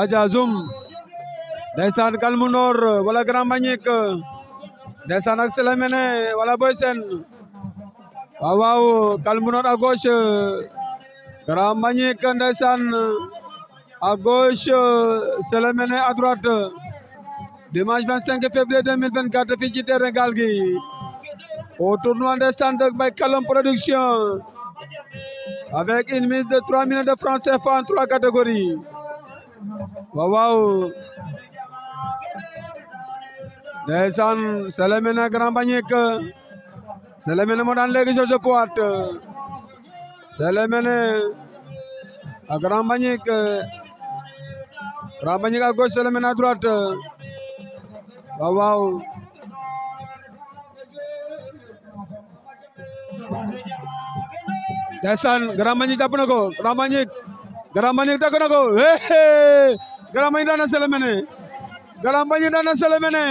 Adja Zoum ndeysaan Galmou Nord wala Grand Mbagnick ndeysaan ak Sele Mene wala Boy Sène waaw waaw Galmou Nord à gauche Grand Mbagnick ndeysaan à gauche Sele Mene à droite dimanche 25 février 2024 fii ci terrain Gaal Gui au tournoi ndeysaan de Mbaye Kalam production avec une mise de 3 millions de francs CFA en trois catégories. Wow, wow. Nelson, c'est le même Grand C'est le même Selemena moo daan de Georges C'est le même Grand Bagnik Grand Bagnik à gauche c'est le même à droite waaw waaw ndeysaan Grand Mbagnick jàpp na ko Grand Mbagnick Grand Mbagnick dagg na ko eh na Sélé Méné Grand Mbagnick na Sélé Méné